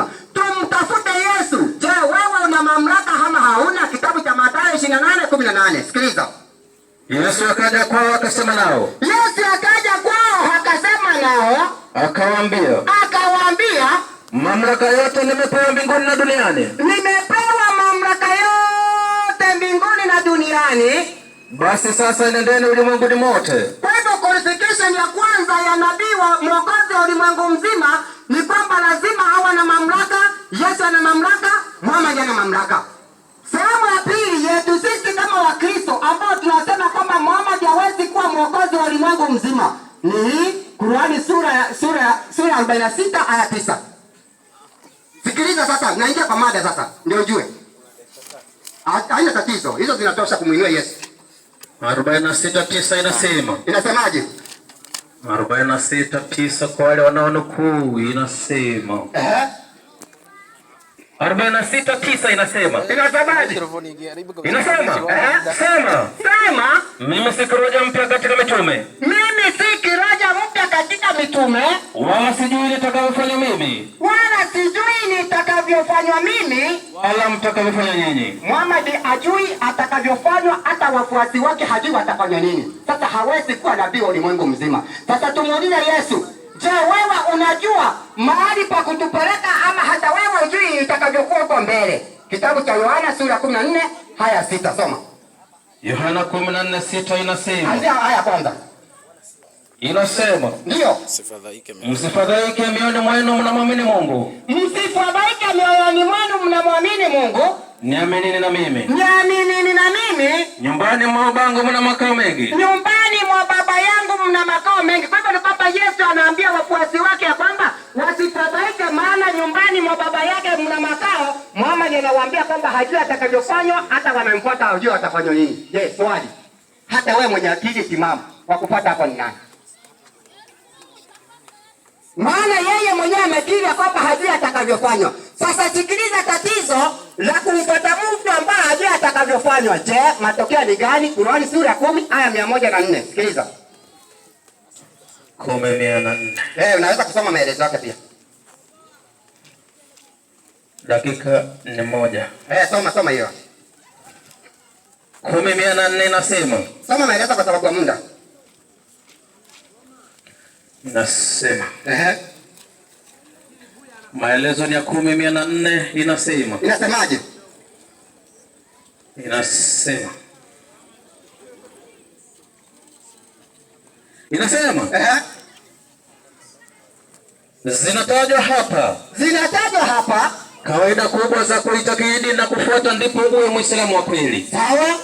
anasema tumtafute Yesu. Je, wewe una mamlaka ama hauna? Kitabu cha Mathayo 28:18. Sikiliza. Yesu akaja kwao akasema nao. Yesu akaja kwao akasema nao, akawaambia, akawaambia, mamlaka yote nimepewa mbinguni na duniani. Nimepewa mamlaka yote mbinguni na duniani. Basi sasa nendeni ulimwenguni mote. Kwa hivyo qualification ya kwanza ya nabii wa mwokozi wa ulimwengu mzima ni kwamba Yesu ana mamlaka, mama ana mamlaka. Sehemu ya pili yetu sisi kama Wakristo ambao tunasema kwamba Muhammad hawezi kuwa mwokozi wa ulimwengu mzima ni Qurani sura ya sura ya sura ya 46 aya 9. Sikiliza sasa, naingia kwa mada sasa ndio ujue. Haina tatizo, hizo zinatosha kumuinua Yesu. 46:9 inasema. Inasemaje? 46:9 kwa wale wanaonukuu inasema. Eh? inasema inasema eh, sema sema, mimi si mpya katika mitume, mimi si mpya katika mitume, wala sijui mimi, wala sijui nitakavyofanywa mimi, wala mtakavyofanya nyinyi. Muhammad ajui atakavyofanywa, hata wafuasi wake hajui watafanya nini. Sasa hawezi kuwa nabii wa ulimwengu mzima. Sasa tumuulize Yesu, je, wewe unajua mahali pa kutupeleka uliokuwa huko mbele. Kitabu cha Yohana sura 14 haya sita, soma Yohana 14:6 inasema. Anzia haya kwanza. Inasema ndio, msifadhaike mioyoni mwenu mnamwamini Mungu. Msifadhaike mioyoni mwenu mnamwamini Mungu. Niaminini na mimi. Niaminini na mimi. Nyumbani mwa Babangu mna makao mengi. Nyumbani yake, maana nyumbani mwa baba yake mna makao. Muhammad anawaambia kwamba hajui atakavyofanywa, hata wanamfuata hajui watafanywa nini. Je, yes, swali, hata wewe mwenye akili simama, wa kufuata hapo ni nani? Maana yeye mwenyewe amekiri kwamba hajui atakavyofanywa. Sasa sikiliza tatizo la kumfuata mtu ambaye hajui atakavyofanywa. Je, matokeo ni gani? Kurani sura kumi aya mia moja na nne. Sikiliza. Kumi mia na nne. Eh, unaweza kusoma maelezo yake pia dakika ni moja. Eh, soma soma hiyo. Kumi mia na nne nasema. Soma maelezo kwa sababu ya muda. Nasema. Eh. Maelezo ni ya kumi mia na nne inasema. Inasemaje? Inasema. Inasema. Eh. Zinatajwa hapa. Zinatajwa hapa kawaida kubwa za kuitakidi na kufuata, ndipo uwe Muislamu wa kweli. Sawa.